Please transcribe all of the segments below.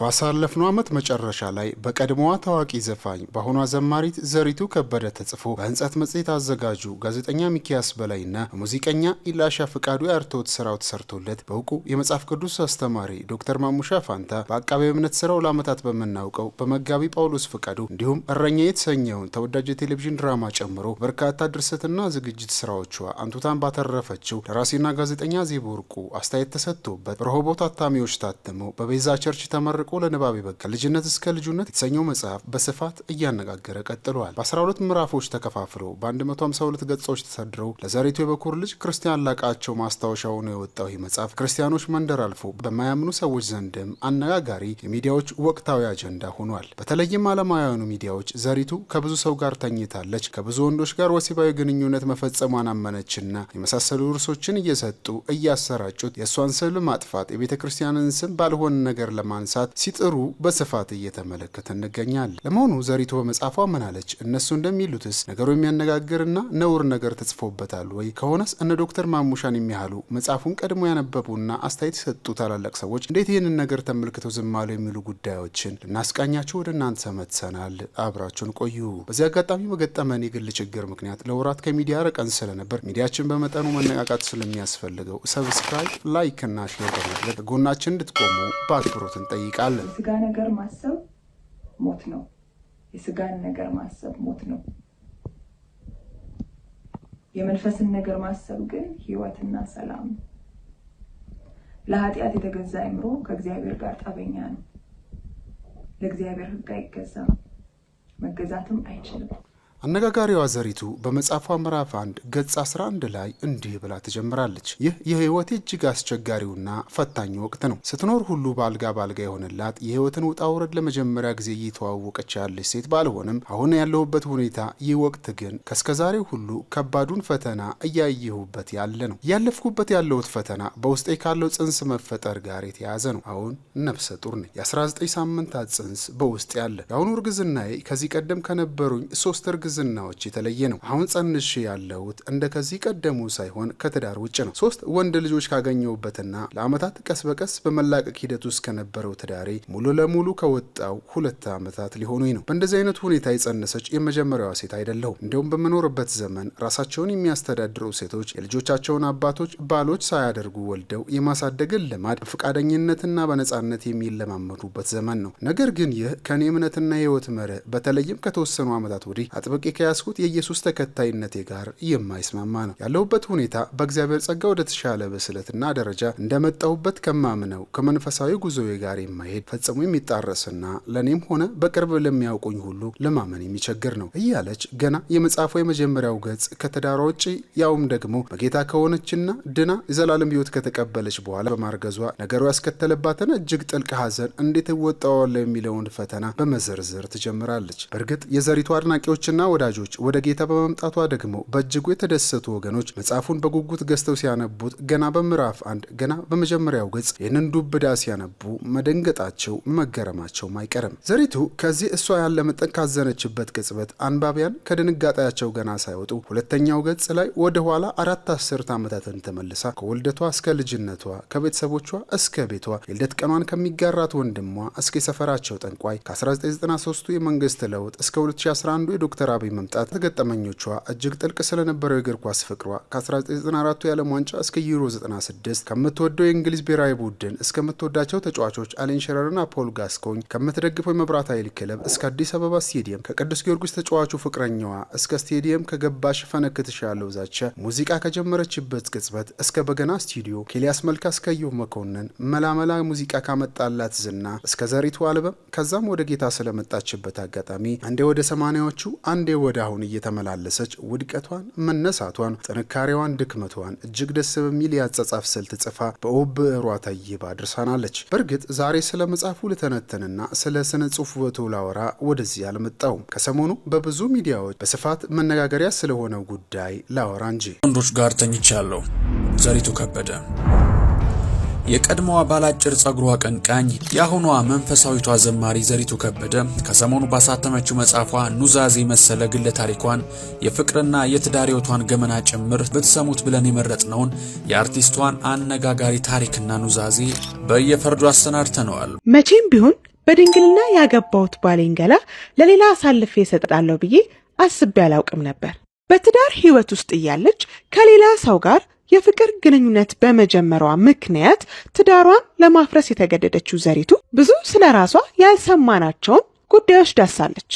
ባሳለፍነው ዓመት መጨረሻ ላይ በቀድሞዋ ታዋቂ ዘፋኝ በአሁኗ ዘማሪት ዘሪቱ ከበደ ተጽፎ በህንጸት መጽሔት አዘጋጁ ጋዜጠኛ ሚኪያስ በላይና ሙዚቀኛ ኢላሻ ፍቃዱ የአርትዖት ስራው ተሰርቶለት በእውቁ የመጽሐፍ ቅዱስ አስተማሪ ዶክተር ማሙሻ ፋንታ በአቃቤ እምነት ስራው ለዓመታት በምናውቀው በመጋቢ ጳውሎስ ፍቃዱ እንዲሁም እረኛ የተሰኘውን ተወዳጅ የቴሌቪዥን ድራማ ጨምሮ በርካታ ድርሰትና ዝግጅት ስራዎቿ አንቱታን ባተረፈችው ደራሲና ጋዜጠኛ ዜብ ወርቁ አስተያየት ተሰጥቶበት በረሆቦት አታሚዎች ታትሞ በቤዛ ቸርች ተመር ተመርቆ ለንባብ ይበቃል። ልጅነት እስከ ልጁነት የተሰኘው መጽሐፍ በስፋት እያነጋገረ ቀጥሏል። በ12 ምዕራፎች ተከፋፍለው በ152 ገጾች ተሰድረው ለዘሪቱ የበኩር ልጅ ክርስቲያን ላቃቸው ማስታወሻ ሆኖ የወጣው ይህ መጽሐፍ ክርስቲያኖች መንደር አልፎ በማያምኑ ሰዎች ዘንድም አነጋጋሪ የሚዲያዎች ወቅታዊ አጀንዳ ሆኗል። በተለይም አለማውያኑ ሚዲያዎች ዘሪቱ ከብዙ ሰው ጋር ተኝታለች፣ ከብዙ ወንዶች ጋር ወሲባዊ ግንኙነት መፈጸሟን አመነችና የመሳሰሉ ርሶችን እየሰጡ እያሰራጩት የእሷን ስዕል ማጥፋት የቤተ ክርስቲያንን ስም ባልሆን ነገር ለማንሳት ሲጥሩ በስፋት እየተመለከተ እንገኛለን። ለመሆኑ ዘሪቱ በመጽሐፏ ምን አለች? እነሱ እንደሚሉትስ ነገሩ የሚያነጋግርና ነውር ነገር ተጽፎበታል ወይ? ከሆነስ እነ ዶክተር ማሙሻን የሚያህሉ መጽሐፉን ቀድሞ ያነበቡና አስተያየት የሰጡ ታላላቅ ሰዎች እንዴት ይህንን ነገር ተመልክተው ዝም አሉ? የሚሉ ጉዳዮችን ልናስቃኛቸው ወደ እናንተ ሰመትሰናል። አብራችሁን ቆዩ። በዚህ አጋጣሚ በገጠመን የግል ችግር ምክንያት ለወራት ከሚዲያ ረቀን ስለነበር ሚዲያችን በመጠኑ መነቃቃት ስለሚያስፈልገው ሰብስክራይብ፣ ላይክ እና ሼር በማድረግ ጎናችን እንድትቆሙ በአክብሮት እንጠይቃል የስጋ ነገር ማሰብ ሞት ነው። የስጋን ነገር ማሰብ ሞት ነው። የመንፈስን ነገር ማሰብ ግን ህይወትና ሰላም ነው። ለኃጢአት የተገዛ አይምሮ ከእግዚአብሔር ጋር ጠበኛ ነው። ለእግዚአብሔር ህግ አይገዛም፣ መገዛትም አይችልም። አነጋጋሪዋ ዘሪቱ በመጽሐፏ ምዕራፍ 1 ገጽ 11 ላይ እንዲህ ብላ ትጀምራለች። ይህ የህይወት እጅግ አስቸጋሪውና ፈታኝ ወቅት ነው። ስትኖር ሁሉ በአልጋ በአልጋ የሆነላት የህይወትን ውጣ ውረድ ለመጀመሪያ ጊዜ እየተዋወቀች ያለች ሴት ባልሆንም አሁን ያለሁበት ሁኔታ ይህ ወቅት ግን ከስከዛሬው ሁሉ ከባዱን ፈተና እያየሁበት ያለ ነው። እያለፍኩበት ያለሁት ፈተና በውስጤ ካለው ጽንስ መፈጠር ጋር የተያያዘ ነው። አሁን ነፍሰ ጡር ነኝ። የ19 ሳምንታት ጽንስ በውስጤ ያለ። የአሁኑ እርግዝናዬ ከዚህ ቀደም ከነበሩኝ ሶስት እርግ እርግዝናዎች የተለየ ነው። አሁን ጸንሼ ያለሁት እንደ ከዚህ ቀደሙ ሳይሆን ከትዳር ውጭ ነው። ሶስት ወንድ ልጆች ካገኘሁበትና ለአመታት ቀስ በቀስ በመላቀቅ ሂደት ውስጥ ከነበረው ትዳሬ ሙሉ ለሙሉ ከወጣው ሁለት አመታት ሊሆኑኝ ነው። በእንደዚህ አይነት ሁኔታ የጸነሰች የመጀመሪያዋ ሴት አይደለሁም። እንዲሁም በምኖርበት ዘመን ራሳቸውን የሚያስተዳድሩ ሴቶች የልጆቻቸውን አባቶች ባሎች ሳያደርጉ ወልደው የማሳደግን ልማድ በፈቃደኝነትና በነጻነት የሚለማመዱበት ዘመን ነው። ነገር ግን ይህ ከእኔ እምነትና ህይወት መርህ በተለይም ከተወሰኑ ዓመታት ወዲህ አጥብ አጥብቄ ከያዝኩት የኢየሱስ ተከታይነቴ ጋር የማይስማማ ነው። ያለሁበት ሁኔታ በእግዚአብሔር ጸጋ ወደ ተሻለ ብስለትና ደረጃ እንደመጣሁበት ከማምነው ከመንፈሳዊ ጉዞዬ ጋር የማይሄድ ፈጽሞ የሚጣረስና ለእኔም ሆነ በቅርብ ለሚያውቁኝ ሁሉ ለማመን የሚቸግር ነው እያለች ገና የመጽሐፉ የመጀመሪያው ገጽ ከተዳሯ ውጪ ያውም ደግሞ በጌታ ከሆነችና ድና የዘላለም ሕይወት ከተቀበለች በኋላ በማርገዟ ነገሩ ያስከተለባትን እጅግ ጥልቅ ሐዘን እንዴት እወጣዋለሁ የሚለውን ፈተና በመዘርዘር ትጀምራለች። በእርግጥ የዘሪቱ አድናቂዎችና ወዳጆች ወደ ጌታ በመምጣቷ ደግሞ በእጅጉ የተደሰቱ ወገኖች መጽሐፉን በጉጉት ገዝተው ሲያነቡት ገና በምዕራፍ አንድ ገና በመጀመሪያው ገጽ ይህንን ዱብ እዳ ሲያነቡ መደንገጣቸው መገረማቸውም አይቀርም። ዘሪቱ ከዚህ እሷ ያለመጠን ካዘነችበት ቅጽበት አንባቢያን ከድንጋጤያቸው ገና ሳይወጡ ሁለተኛው ገጽ ላይ ወደ ኋላ አራት አስርት ዓመታትን ተመልሳ ከወልደቷ እስከ ልጅነቷ ከቤተሰቦቿ እስከ ቤቷ የልደት ቀኗን ከሚጋራት ወንድሟ እስከ የሰፈራቸው ጠንቋይ ከ1993ቱ የመንግስት ለውጥ እስከ 2011 የዶክተር አካባቢ መምጣት ተገጠመኞቿ እጅግ ጥልቅ ስለነበረው የእግር ኳስ ፍቅሯ ከ1994 የዓለም ዋንጫ እስከ ዩሮ 96 ከምትወደው የእንግሊዝ ብሔራዊ ቡድን እስከምትወዳቸው ተጫዋቾች አሌን ሸረርና ፖል ጋስኮኝ ከምትደግፈው የመብራት ኃይል ክለብ እስከ አዲስ አበባ ስቴዲየም ከቅዱስ ጊዮርጊስ ተጫዋቹ ፍቅረኛዋ እስከ ስቴዲየም ከገባሽ ፈነክትሻ ያለው ዛቻ ሙዚቃ ከጀመረችበት ቅጽበት እስከ በገና ስቱዲዮ ኬልያስ መልካ እስከ መኮንን መላመላ ሙዚቃ ካመጣላት ዝና እስከ ዘሪቱ አልበም ከዛም ወደ ጌታ ስለመጣችበት አጋጣሚ አንዴ ወደ ሰማኒያዎቹ አንድ ከአንዴ ወደ አሁን እየተመላለሰች ውድቀቷን፣ መነሳቷን፣ ጥንካሬዋን፣ ድክመቷን እጅግ ደስ በሚል የአጸጻፍ ስልት ጽፋ በውብ ብዕሯ ታይባ አድርሳናለች። በእርግጥ ዛሬ ስለ መጽሐፉ ልተነትንና ስለ ስነ ጽሑፍ ውበቱ ላወራ ወደዚህ አልመጣውም። ከሰሞኑ በብዙ ሚዲያዎች በስፋት መነጋገሪያ ስለሆነው ጉዳይ ላወራ እንጂ። ወንዶች ጋር ተኝቻለሁ። ዘሪቱ ከበደ የቀድሞዋ ባላጭር ጸጉሯ አቀንቃኝ የአሁኗ መንፈሳዊቷ ዘማሪ ዘሪቱ ከበደ ከሰሞኑ ባሳተመችው መጽሐፏ ኑዛዜ መሰለ ግለ ታሪኳን የፍቅርና የትዳር ህይወቷን ገመና ጭምር ብትሰሙት ብለን የመረጥነውን የአርቲስቷን አነጋጋሪ ታሪክና ኑዛዜ በየፈርዱ አሰናድተነዋል። መቼም ቢሆን በድንግልና ያገባሁት ባሌን ገላ ለሌላ አሳልፌ እሰጣለሁ ብዬ አስቤ አላውቅም ነበር። በትዳር ህይወት ውስጥ እያለች ከሌላ ሰው ጋር የፍቅር ግንኙነት በመጀመሯ ምክንያት ትዳሯን ለማፍረስ የተገደደችው ዘሪቱ ብዙ ስለ ራሷ ያልሰማናቸውን ጉዳዮች ዳሳለች።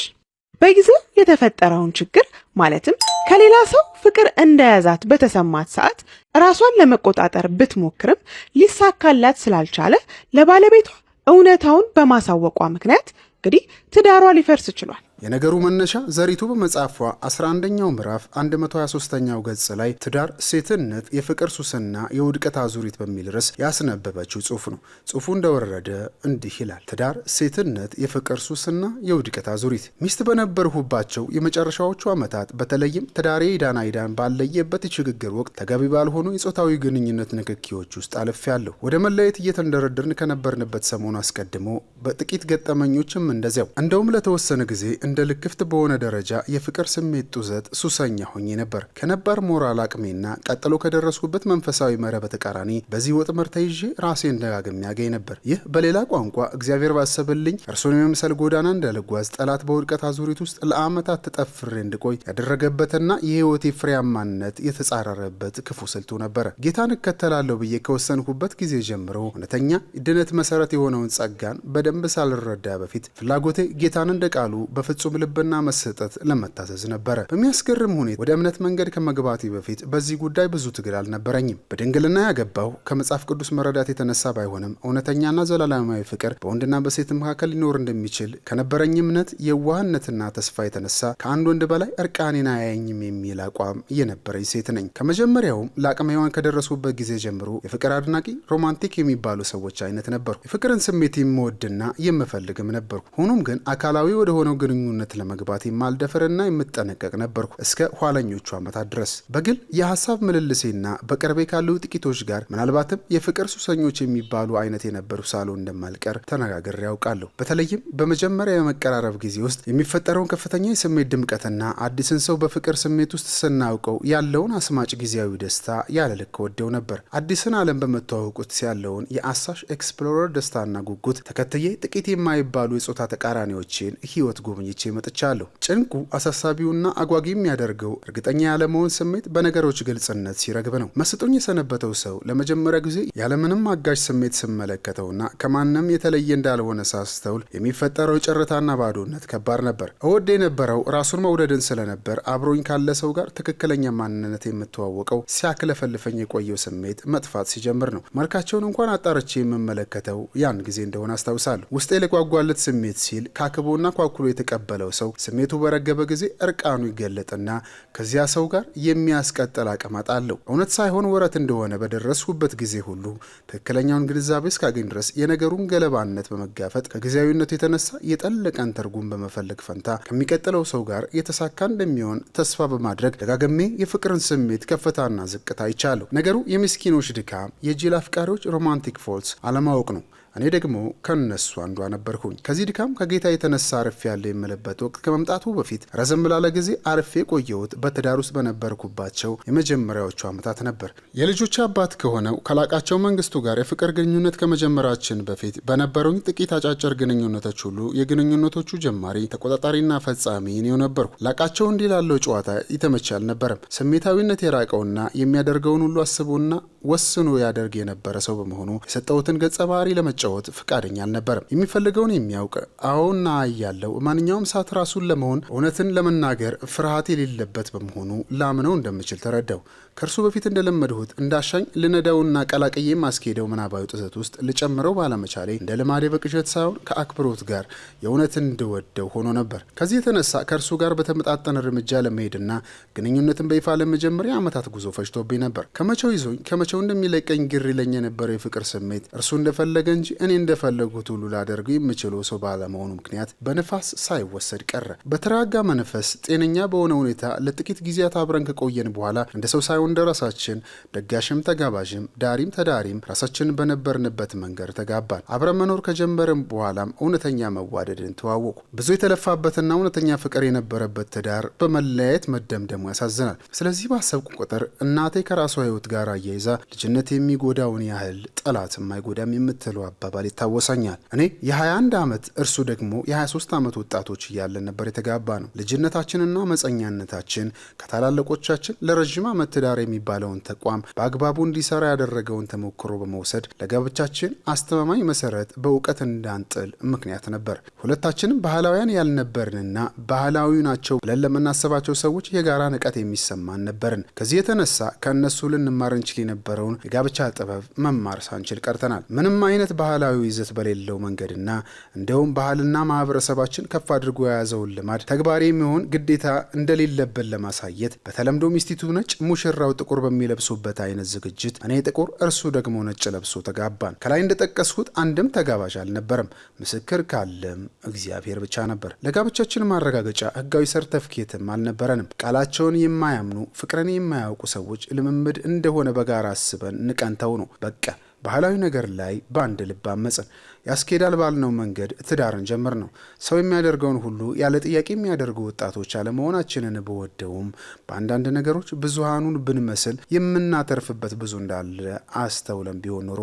በጊዜው የተፈጠረውን ችግር ማለትም ከሌላ ሰው ፍቅር እንደያዛት በተሰማት ሰዓት ራሷን ለመቆጣጠር ብትሞክርም ሊሳካላት ስላልቻለ ለባለቤቷ እውነታውን በማሳወቋ ምክንያት እንግዲህ ትዳሯ ሊፈርስ ችሏል። የነገሩ መነሻ ዘሪቱ በመጽሐፏ 11ኛው ምዕራፍ 123ኛው ገጽ ላይ ትዳር፣ ሴትነት፣ የፍቅር ሱስና የውድቀት አዙሪት በሚል ርዕስ ያስነበበችው ጽሑፍ ነው። ጽሑፉ እንደወረደ እንዲህ ይላል። ትዳር፣ ሴትነት፣ የፍቅር ሱስና የውድቀት አዙሪት። ሚስት በነበርሁባቸው የመጨረሻዎቹ ዓመታት በተለይም ትዳሬ ዳና ይዳን ባለየበት የሽግግር ወቅት ተገቢ ባልሆኑ የጾታዊ ግንኙነት ንክኪዎች ውስጥ አልፌያለሁ። ወደ መለየት እየተንደረደርን ከነበርንበት ሰሞኑ አስቀድሞ በጥቂት ገጠመኞችም እንደዚያው እንደውም ለተወሰነ ጊዜ እንደ ልክፍት በሆነ ደረጃ የፍቅር ስሜት ጡዘት ሱሰኛ ሆኜ ነበር። ከነባር ሞራል አቅሜና ቀጥሎ ከደረስኩበት መንፈሳዊ መረ በተቃራኒ በዚህ ወጥመድ ተይዤ ራሴን ደጋግሜ ያገኝ ነበር። ይህ በሌላ ቋንቋ እግዚአብሔር ባሰበልኝ እርሱን የመምሰል ጎዳና እንዳልጓዝ ጠላት በውድቀት አዙሪት ውስጥ ለዓመታት ተጠፍሬ እንድቆይ ያደረገበትና የህይወቴ ፍሬያማነት የተጻረረበት ክፉ ስልቱ ነበር። ጌታን እከተላለሁ ብዬ ከወሰንኩበት ጊዜ ጀምሮ እውነተኛ ድነት መሰረት የሆነውን ጸጋን በደንብ ሳልረዳ በፊት ፍላጎቴ ጌታን እንደ ቃሉ በፍጹም በፍጹም ልብና መሰጠት ለመታዘዝ ነበረ። በሚያስገርም ሁኔታ ወደ እምነት መንገድ ከመግባቴ በፊት በዚህ ጉዳይ ብዙ ትግል አልነበረኝም። በድንግልና ያገባው ከመጽሐፍ ቅዱስ መረዳት የተነሳ ባይሆንም እውነተኛና ዘላለማዊ ፍቅር በወንድና በሴት መካከል ሊኖር እንደሚችል ከነበረኝ እምነት የዋህነትና ተስፋ የተነሳ ከአንድ ወንድ በላይ እርቃኔን አያየኝም የሚል አቋም የነበረኝ ሴት ነኝ። ከመጀመሪያውም ለአቅመ ሔዋን ከደረሱበት ጊዜ ጀምሮ የፍቅር አድናቂ ሮማንቲክ የሚባሉ ሰዎች አይነት ነበርኩ። የፍቅርን ስሜት የምወድና የምፈልግም ነበርኩ። ሆኖም ግን አካላዊ ወደሆነው ግንኙ ግንኙነት ለመግባት የማልደፈርና የምጠነቀቅ ነበርኩ እስከ ኋለኞቹ ዓመታት ድረስ። በግል የሀሳብ ምልልሴና በቅርቤ ካሉ ጥቂቶች ጋር ምናልባትም የፍቅር ሱሰኞች የሚባሉ አይነት የነበሩ ሳሎ እንደማልቀር ተነጋግሬ ያውቃለሁ። በተለይም በመጀመሪያ የመቀራረብ ጊዜ ውስጥ የሚፈጠረውን ከፍተኛ የስሜት ድምቀትና አዲስን ሰው በፍቅር ስሜት ውስጥ ስናውቀው ያለውን አስማጭ ጊዜያዊ ደስታ ያለልክ ወደው ነበር። አዲስን ዓለም በመተዋወቁት ያለውን የአሳሽ ኤክስፕሎረር ደስታና ጉጉት ተከትዬ ጥቂት የማይባሉ የጾታ ተቃራኒዎችን ህይወት ጎብኝ ቆይቼ መጥቻለሁ። ጭንቁ አሳሳቢውና አጓጊ የሚያደርገው እርግጠኛ ያለመሆን ስሜት በነገሮች ግልጽነት ሲረግብ ነው። መስጦኝ የሰነበተው ሰው ለመጀመሪያ ጊዜ ያለምንም አጋዥ ስሜት ስመለከተውና ከማንም የተለየ እንዳልሆነ ሳስተውል የሚፈጠረው ጭርታና ባዶነት ከባድ ነበር። እወድ የነበረው ራሱን መውደድን ስለነበር አብሮኝ ካለ ሰው ጋር ትክክለኛ ማንነት የምተዋወቀው ሲያክለፈልፈኝ የቆየው ስሜት መጥፋት ሲጀምር ነው። መልካቸውን እንኳን አጣርቼ የምመለከተው ያን ጊዜ እንደሆነ አስታውሳለሁ። ውስጤ ለጓጓለት ስሜት ሲል ካክቦና ኳኩሎ የተቀ የተቀበለው ሰው ስሜቱ በረገበ ጊዜ እርቃኑ ይገለጥና ከዚያ ሰው ጋር የሚያስቀጥል አቀማጥ አለው። እውነት ሳይሆን ወረት እንደሆነ በደረስሁበት ጊዜ ሁሉ ትክክለኛውን ግንዛቤ እስካገኝ ድረስ የነገሩን ገለባነት በመጋፈጥ ከጊዜያዊነቱ የተነሳ የጠለቀን ትርጉም በመፈለግ ፈንታ ከሚቀጥለው ሰው ጋር የተሳካ እንደሚሆን ተስፋ በማድረግ ደጋግሜ የፍቅርን ስሜት ከፍታና ዝቅታ ይቻለሁ። ነገሩ የምስኪኖች ድካም፣ የጅል አፍቃሪዎች ሮማንቲክ ፎልስ አለማወቅ ነው። እኔ ደግሞ ከነሱ አንዷ ነበርኩኝ። ከዚህ ድካም ከጌታ የተነሳ አርፌ ያለ የምልበት ወቅት ከመምጣቱ በፊት ረዘም ላለ ጊዜ አርፌ የቆየሁት በትዳር ውስጥ በነበርኩባቸው የመጀመሪያዎቹ ዓመታት ነበር። የልጆች አባት ከሆነው ከላቃቸው መንግስቱ ጋር የፍቅር ግንኙነት ከመጀመራችን በፊት በነበሩኝ ጥቂት አጫጭር ግንኙነቶች ሁሉ የግንኙነቶቹ ጀማሪ ተቆጣጣሪና ፈጻሚ እኔው ነበርኩ። ላቃቸው እንዲህ ላለው ጨዋታ የተመቸ አልነበረም። ስሜታዊነት የራቀውና የሚያደርገውን ሁሉ አስቦና ወስኖ ያደርግ የነበረ ሰው በመሆኑ የሰጠሁትን ገጸ ባህሪ ለመጫ ለመጫወት ፍቃደኛ አልነበርም። የሚፈልገውን የሚያውቅ አዎና ያለው ማንኛውም ሰዓት ራሱን ለመሆን እውነትን ለመናገር ፍርሃት የሌለበት በመሆኑ ላምነው እንደምችል ተረዳው። ከእርሱ በፊት እንደለመድሁት እንዳሻኝ ልነዳውና ቀላቅዬ ማስኬደው ምናባዊ ጥሰት ውስጥ ልጨምረው ባለመቻሌ እንደ ልማዴ በቅዠት ሳይሆን ከአክብሮት ጋር የእውነት እንድወደው ሆኖ ነበር። ከዚህ የተነሳ ከእርሱ ጋር በተመጣጠነ እርምጃ ለመሄድና ግንኙነትን በይፋ ለመጀመር የአመታት ጉዞ ፈጅቶብኝ ነበር። ከመቼው ይዞኝ ከመቼው እንደሚለቀኝ ግር ይለኝ የነበረው የፍቅር ስሜት እርሱ እንደፈለገ እንጂ እኔ እንደፈለጉት ሁሉ ላደርገው የምችለው ሰው ባለመሆኑ ምክንያት በንፋስ ሳይወሰድ ቀረ። በተረጋጋ መንፈስ ጤነኛ በሆነ ሁኔታ ለጥቂት ጊዜያት አብረን ከቆየን በኋላ እንደ ሰው ሰው እንደ ራሳችን ደጋሽም ተጋባዥም ዳሪም ተዳሪም ራሳችንን በነበርንበት መንገድ ተጋባን። አብረን መኖር ከጀመርም በኋላም እውነተኛ መዋደድን ተዋወቁ። ብዙ የተለፋበትና እውነተኛ ፍቅር የነበረበት ትዳር በመለያየት መደምደሙ ያሳዝናል። ስለዚህ ባሰብኩ ቁጥር እናቴ ከራሷ ህይወት ጋር አያይዛ ልጅነት የሚጎዳውን ያህል ጠላት አይጎዳም የምትለው አባባል ይታወሰኛል። እኔ የ21 ዓመት እርሱ ደግሞ የ23 ዓመት ወጣቶች እያለን ነበር የተጋባ ነው። ልጅነታችንና መጸኛነታችን ከታላለቆቻችን ለረዥም ዓመት ትዳር ዳር የሚባለውን ተቋም በአግባቡ እንዲሰራ ያደረገውን ተሞክሮ በመውሰድ ለጋብቻችን አስተማማኝ መሰረት በእውቀት እንዳንጥል ምክንያት ነበር። ሁለታችንም ባህላውያን ያልነበርንና ባህላዊ ናቸው ብለን ለምናስባቸው ሰዎች የጋራ ንቀት የሚሰማን ነበርን። ከዚህ የተነሳ ከእነሱ ልንማር እንችል የነበረውን የጋብቻ ጥበብ መማር ሳንችል ቀርተናል። ምንም አይነት ባህላዊ ይዘት በሌለው መንገድና እንደውም ባህልና ማህበረሰባችን ከፍ አድርጎ የያዘውን ልማድ ተግባር የሚሆን ግዴታ እንደሌለብን ለማሳየት በተለምዶ ሚስቲቱ ነጭ ሙሽራ ሙሽራው ጥቁር በሚለብሱበት አይነት ዝግጅት እኔ ጥቁር እርሱ ደግሞ ነጭ ለብሶ ተጋባን። ከላይ እንደጠቀስኩት አንድም ተጋባዥ አልነበረም። ምስክር ካለም እግዚአብሔር ብቻ ነበር። ለጋብቻችን ማረጋገጫ ህጋዊ ሰርተፍኬትም አልነበረንም። ቃላቸውን የማያምኑ ፍቅርን የማያውቁ ሰዎች ልምምድ እንደሆነ በጋራ አስበን ንቀንተው ነው። በቃ ባህላዊ ነገር ላይ በአንድ ልብ አመፅን። ያስኬዳል ባልነው መንገድ ትዳርን ጀምር ነው። ሰው የሚያደርገውን ሁሉ ያለ ጥያቄ የሚያደርጉ ወጣቶች አለመሆናችንን በወደውም በአንዳንድ ነገሮች ብዙሃኑን ብንመስል የምናተርፍበት ብዙ እንዳለ አስተውለን ቢሆን ኖሮ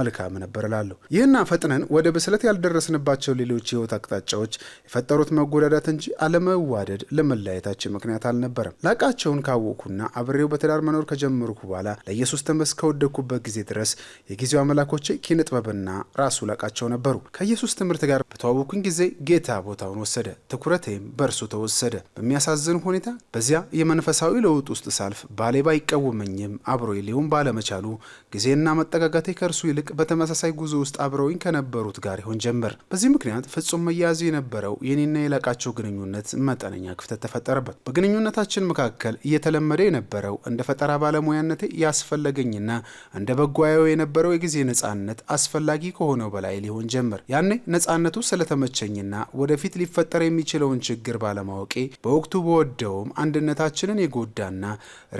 መልካም ነበር እላለሁ። ይህና ፈጥነን ወደ ብስለት ያልደረስንባቸው ሌሎች የህይወት አቅጣጫዎች የፈጠሩት መጎዳዳት እንጂ አለመዋደድ ለመለያየታችን ምክንያት አልነበረም። ላቃቸውን ካወቅኩና አብሬው በትዳር መኖር ከጀመርኩ በኋላ ለኢየሱስ ከወደግኩበት ጊዜ ድረስ የጊዜው አመላኮቼ ኪነ ጥበብና ራሱ ላቃቸው ያላቸው ነበሩ። ከኢየሱስ ትምህርት ጋር በተዋወኩኝ ጊዜ ጌታ ቦታውን ወሰደ፣ ትኩረቴም በእርሱ ተወሰደ። በሚያሳዝን ሁኔታ በዚያ የመንፈሳዊ ለውጥ ውስጥ ሳልፍ ባሌ ባይቃወመኝም አብሮ ሊሆን ባለመቻሉ ጊዜና መጠጋጋቴ ከእርሱ ይልቅ በተመሳሳይ ጉዞ ውስጥ አብረውኝ ከነበሩት ጋር ይሆን ጀመር። በዚህ ምክንያት ፍጹም መያያዙ የነበረው የኔና የላቃቸው ግንኙነት መጠነኛ ክፍተት ተፈጠረበት። በግንኙነታችን መካከል እየተለመደ የነበረው እንደ ፈጠራ ባለሙያነቴ ያስፈለገኝና እንደ በጓየው የነበረው የጊዜ ነጻነት አስፈላጊ ከሆነው በላይ ሊሆን ይሆን ጀመር። ያኔ ነጻነቱ ስለተመቸኝና ወደፊት ሊፈጠር የሚችለውን ችግር ባለማወቄ በወቅቱ በወደውም አንድነታችንን የጎዳና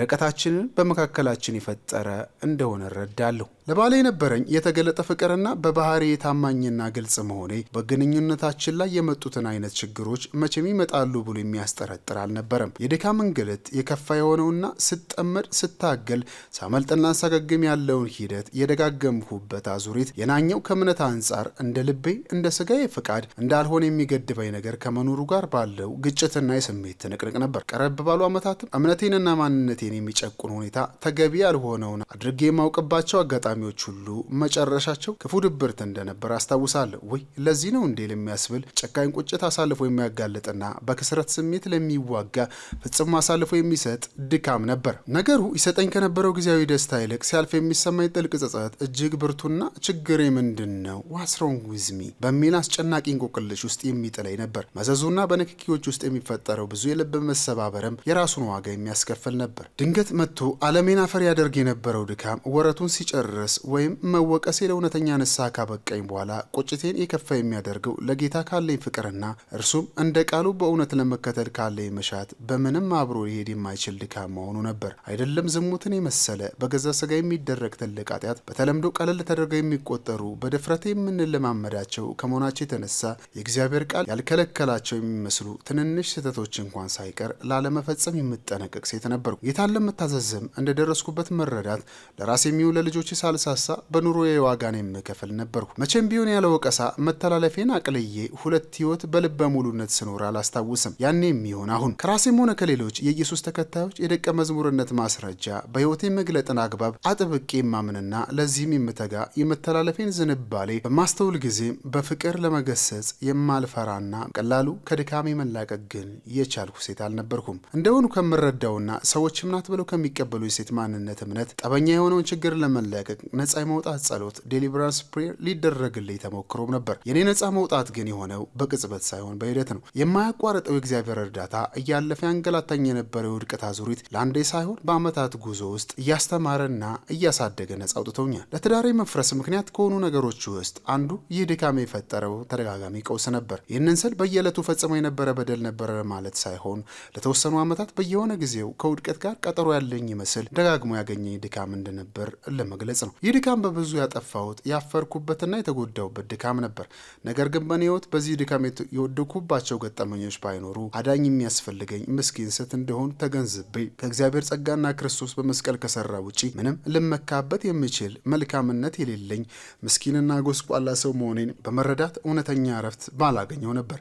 ርቀታችንን በመካከላችን የፈጠረ እንደሆነ እረዳለሁ። ለባሌ የነበረኝ የተገለጠ ፍቅርና በባህሪ የታማኝና ግልጽ መሆኔ በግንኙነታችን ላይ የመጡትን አይነት ችግሮች መቼም ይመጣሉ ብሎ የሚያስጠረጥር አልነበረም። የድካም እንግልት የከፋ የሆነውና ስጠመድ ስታገል ሳመልጥና ሳገግም ያለውን ሂደት የደጋገምሁበት አዙሪት የናኘው ከእምነት አንጻር አንጻር እንደ ልቤ እንደ ስጋዬ ፍቃድ እንዳልሆነ የሚገድበኝ ነገር ከመኖሩ ጋር ባለው ግጭትና የስሜት ትንቅንቅ ነበር። ቀረብ ባሉ ዓመታትም እምነቴንና ማንነቴን የሚጨቁን ሁኔታ ተገቢ ያልሆነውን አድርጌ የማውቅባቸው አጋጣሚዎች ሁሉ መጨረሻቸው ክፉ ድብርት እንደነበር አስታውሳለሁ። ወይ ለዚህ ነው እንዴ ለሚያስብል ጨካኝ ቁጭት አሳልፎ የሚያጋልጥና በክስረት ስሜት ለሚዋጋ ፍጹም አሳልፎ የሚሰጥ ድካም ነበር። ነገሩ ይሰጠኝ ከነበረው ጊዜያዊ ደስታ ይልቅ ሲያልፍ የሚሰማኝ ጥልቅ ጸጸት እጅግ ብርቱና ችግሬ ምንድን ነው ዋትስ ሮንግ ዊዝ ሚ በሚል አስጨናቂ እንቆቅልሽ ውስጥ የሚጥለኝ ነበር። መዘዙና በንክኪዎች ውስጥ የሚፈጠረው ብዙ የልብ መሰባበርም የራሱን ዋጋ የሚያስከፍል ነበር። ድንገት መጥቶ አለሜን አፈር ያደርግ የነበረው ድካም ወረቱን ሲጨርስ ወይም መወቀሴ ለእውነተኛ ንስሐ ካበቃኝ በኋላ ቁጭቴን የከፋ የሚያደርገው ለጌታ ካለኝ ፍቅርና እርሱም እንደ ቃሉ በእውነት ለመከተል ካለኝ መሻት በምንም አብሮ ሊሄድ የማይችል ድካም መሆኑ ነበር። አይደለም ዝሙትን የመሰለ በገዛ ስጋ የሚደረግ ትልቅ ኃጢአት በተለምዶ ቀለል ተደርገው የሚቆጠሩ በድፍረት የምን የምንለማመዳቸው ከመሆናቸው የተነሳ የእግዚአብሔር ቃል ያልከለከላቸው የሚመስሉ ትንንሽ ስህተቶች እንኳን ሳይቀር ላለመፈጸም የምጠነቀቅ ሴት ነበርኩ። የታለ የምታዘዝም እንደደረስኩበት መረዳት ለራሴ የሚውል ለልጆች ሳልሳሳ በኑሮ የዋጋን የምከፍል ነበርኩ። መቼም ቢሆን ያለ ወቀሳ መተላለፌን አቅልዬ ሁለት ህይወት በልበ ሙሉነት ስኖር አላስታውስም። ያኔ የሚሆን አሁን ከራሴም ሆነ ከሌሎች የኢየሱስ ተከታዮች የደቀ መዝሙርነት ማስረጃ በህይወቴ መግለጥን አግባብ አጥብቄ የማምንና ለዚህም የምተጋ የመተላለፌን ዝንባሌ በማስ በማስተውል ጊዜ በፍቅር ለመገሰጽ የማልፈራና ቀላሉ ከድካሜ መላቀቅ ግን የቻልኩ ሴት አልነበርኩም። እንደሆኑ ከምረዳውና ሰዎች እምናት ብለው ከሚቀበሉ የሴት ማንነት እምነት ጠበኛ የሆነውን ችግር ለመላቀቅ ነፃ የመውጣት ጸሎት ዴሊቨራንስ ፕሬየር ሊደረግልኝ ተሞክሮም ነበር። የኔ ነፃ መውጣት ግን የሆነው በቅጽበት ሳይሆን በሂደት ነው። የማያቋረጠው የእግዚአብሔር እርዳታ እያለፈ ያንገላታኝ የነበረ የውድቀት አዙሪት ለአንዴ ሳይሆን በአመታት ጉዞ ውስጥ እያስተማረና እያሳደገ ነጻ አውጥቶኛል። ለትዳሬ መፍረስ ምክንያት ከሆኑ ነገሮች ውስጥ አንዱ ይህ ድካም የፈጠረው ተደጋጋሚ ቀውስ ነበር። ይህንን ስል በየዕለቱ ፈጽሞ የነበረ በደል ነበረ ማለት ሳይሆን ለተወሰኑ ዓመታት በየሆነ ጊዜው ከውድቀት ጋር ቀጠሮ ያለኝ ይመስል ደጋግሞ ያገኘኝ ድካም እንደነበር ለመግለጽ ነው። ይህ ድካም በብዙ ያጠፋሁት ያፈርኩበትና የተጎዳሁበት ድካም ነበር። ነገር ግን በእኔ ህይወት በዚህ ድካም የወደኩባቸው ገጠመኞች ባይኖሩ አዳኝ የሚያስፈልገኝ ምስኪን ስት እንደሆን ተገንዝቤ ከእግዚአብሔር ጸጋና ክርስቶስ በመስቀል ከሰራ ውጪ ምንም ልመካበት የምችል መልካምነት የሌለኝ ምስኪንና ጎስቋል የተጣላ ሰው መሆኔን በመረዳት እውነተኛ እረፍት ባላገኘው ነበር።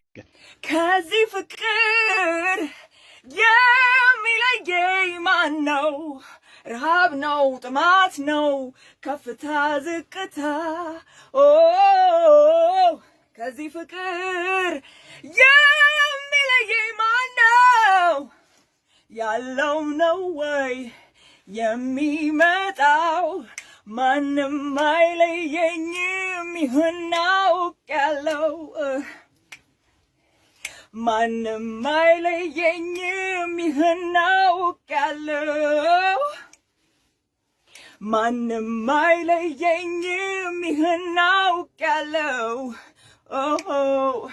ከዚህ ፍቅር የሚለየኝ ማን ነው? ረሃብ ነው? ጥማት ነው? ከፍታ ዝቅታ? ከዚህ ፍቅር የሚለየኝ ማን ነው? ያለው ነው ወይ የሚመጣው? ማንም አይለየኝ። mi hanao kalau mana mai le yenye mi hanao kalau mana mai le yenye mi hanao kalau oh, oh.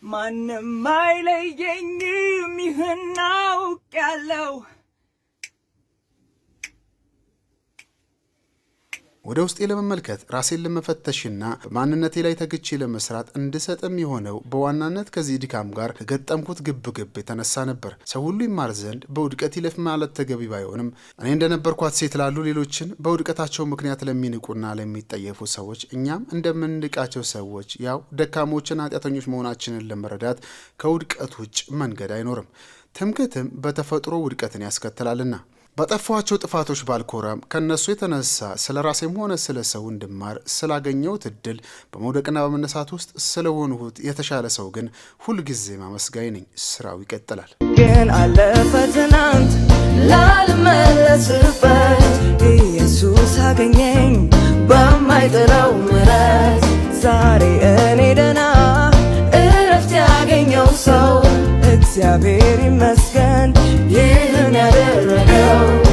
mana mai le yenye mi hanao kalau ወደ ውስጤ ለመመልከት ራሴን ለመፈተሽና በማንነቴ ላይ ተግቼ ለመስራት እንድሰጥም የሆነው በዋናነት ከዚህ ድካም ጋር ከገጠምኩት ግብግብ የተነሳ ነበር። ሰው ሁሉ ይማር ዘንድ በውድቀት ይለፍ ማለት ተገቢ ባይሆንም እኔ እንደነበርኳት ሴት ላሉ ሌሎችን በውድቀታቸው ምክንያት ለሚንቁና ለሚጠየፉ ሰዎች እኛም እንደምንንቃቸው ሰዎች ያው ደካሞችን ኃጢአተኞች መሆናችንን ለመረዳት ከውድቀት ውጭ መንገድ አይኖርም። ትምክህትም በተፈጥሮ ውድቀትን ያስከትላልና በጠፏቸው ጥፋቶች ባልኮረም ከነሱ የተነሳ ስለ ራሴም ሆነ ስለ ሰው እንድማር ስላገኘሁት እድል በመውደቅና በመነሳት ውስጥ ስለሆንሁት የተሻለ ሰው ግን ሁልጊዜ አመስጋኝ ነኝ። ስራው ይቀጥላል። ግን አለፈ ትናንት ላልመለስበት ኢየሱስ አገኘኝ በማይጥለው ምረት ዛሬ እኔ ደና እረፍት ያገኘው ሰው እግዚአብሔር ይመስገን። love.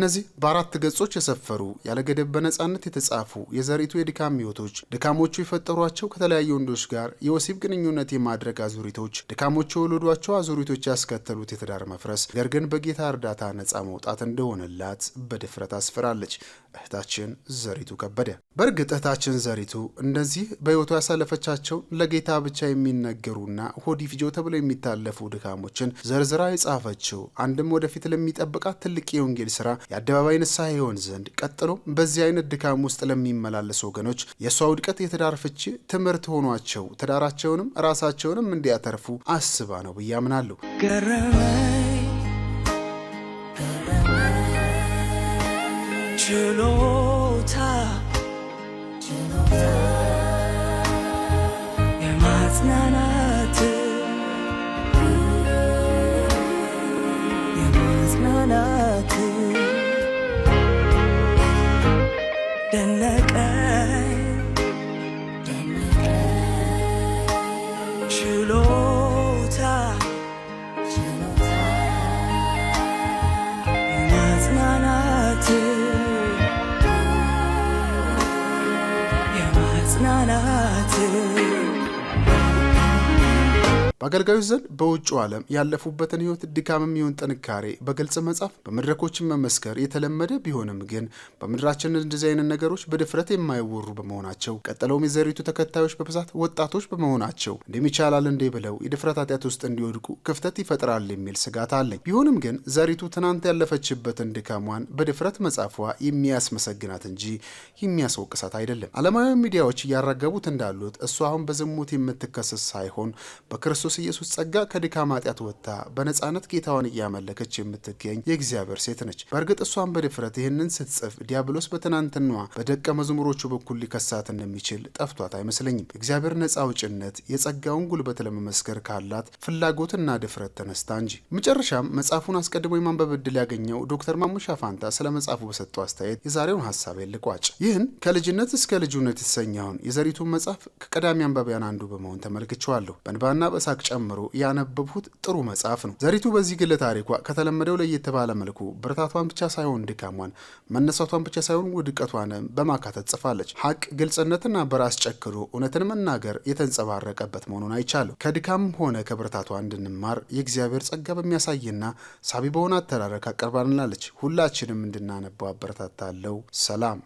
እነዚህ በአራት ገጾች የሰፈሩ ያለገደብ በነጻነት የተጻፉ የዘሪቱ የድካም ህይወቶች ድካሞቹ የፈጠሯቸው ከተለያዩ ወንዶች ጋር የወሲብ ግንኙነት የማድረግ አዙሪቶች፣ ድካሞቹ የወለዷቸው አዙሪቶች ያስከተሉት የትዳር መፍረስ፣ ነገር ግን በጌታ እርዳታ ነጻ መውጣት እንደሆነላት በድፍረት አስፈራለች። እህታችን ዘሪቱ ከበደ። በእርግጥ እህታችን ዘሪቱ እንደዚህ በህይወቱ ያሳለፈቻቸው ለጌታ ብቻ የሚነገሩና ሆዲፍጆ ተብለው የሚታለፉ ድካሞችን ዘርዝራ የጻፈችው አንድም ወደፊት ለሚጠብቃት ትልቅ የወንጌል ስራ የአደባባይ ንስሐ ይሆን ዘንድ ቀጥሎም በዚህ አይነት ድካም ውስጥ ለሚመላለሱ ወገኖች የእሷ ውድቀት የትዳር ፍቺ ትምህርት ሆኗቸው ትዳራቸውንም ራሳቸውንም እንዲያተርፉ አስባ ነው ብዬ አምናለሁ። ችሎታ የማጽናናት የማጽናናት ደነቀ አገልጋዮች ዘንድ በውጭው ዓለም ያለፉበትን ህይወት ድካምም ይሁን ጥንካሬ በግልጽ መጻፍ፣ በመድረኮችን መመስከር የተለመደ ቢሆንም ግን በምድራችን እንደዚህ አይነት ነገሮች በድፍረት የማይወሩ በመሆናቸው ቀጥለውም የዘሪቱ ተከታዮች በብዛት ወጣቶች በመሆናቸው እንዲም ይቻላል እንዴ ብለው የድፍረት ኃጢአት ውስጥ እንዲወድቁ ክፍተት ይፈጥራል የሚል ስጋት አለኝ። ቢሆንም ግን ዘሪቱ ትናንት ያለፈችበትን ድካሟን በድፍረት መጻፏ የሚያስመሰግናት እንጂ የሚያስወቅሳት አይደለም። ዓለማዊ ሚዲያዎች እያራገቡት እንዳሉት እሷ አሁን በዝሙት የምትከሰስ ሳይሆን በክርስቶስ ኢየሱስ ጸጋ ከድካም ኃጢአት ወጥታ በነጻነት ጌታዋን እያመለከች የምትገኝ የእግዚአብሔር ሴት ነች። በእርግጥ እሷን በድፍረት ይህንን ስትጽፍ ዲያብሎስ በትናንትናዋ በደቀ መዝሙሮቹ በኩል ሊከሳት እንደሚችል ጠፍቷት አይመስለኝም። እግዚአብሔር ነጻ አውጭነት የጸጋውን ጉልበት ለመመስከር ካላት ፍላጎትና ድፍረት ተነስታ እንጂ። መጨረሻም መጽሐፉን አስቀድሞ የማንበብ እድል ያገኘው ዶክተር ማሙሻ ፋንታ ስለ መጽሐፉ በሰጠው አስተያየት የዛሬውን ሀሳብ ልቋጭ። ይህን ከልጅነት እስከ ልጅነት የተሰኘውን የዘሪቱን መጽሐፍ ከቀዳሚ አንባቢያን አንዱ በመሆን ተመልክቼዋለሁ። በንባና በሳ ምስራቅ ጨምሮ ያነበብሁት ጥሩ መጽሐፍ ነው። ዘሪቱ በዚህ ግለ ታሪኳ ከተለመደው ለየት ባለ መልኩ ብርታቷን ብቻ ሳይሆን ድካሟን፣ መነሳቷን ብቻ ሳይሆን ውድቀቷንም በማካተት ጽፋለች። ሀቅ፣ ግልጽነትና በራስ ጨክሮ እውነትን መናገር የተንጸባረቀበት መሆኑን አይቻለሁ። ከድካም ሆነ ከብርታቷ እንድንማር የእግዚአብሔር ጸጋ በሚያሳይና ሳቢ በሆነ አተራረክ አቀርባንላለች። ሁላችንም እንድናነበው አበረታታለው። ሰላም።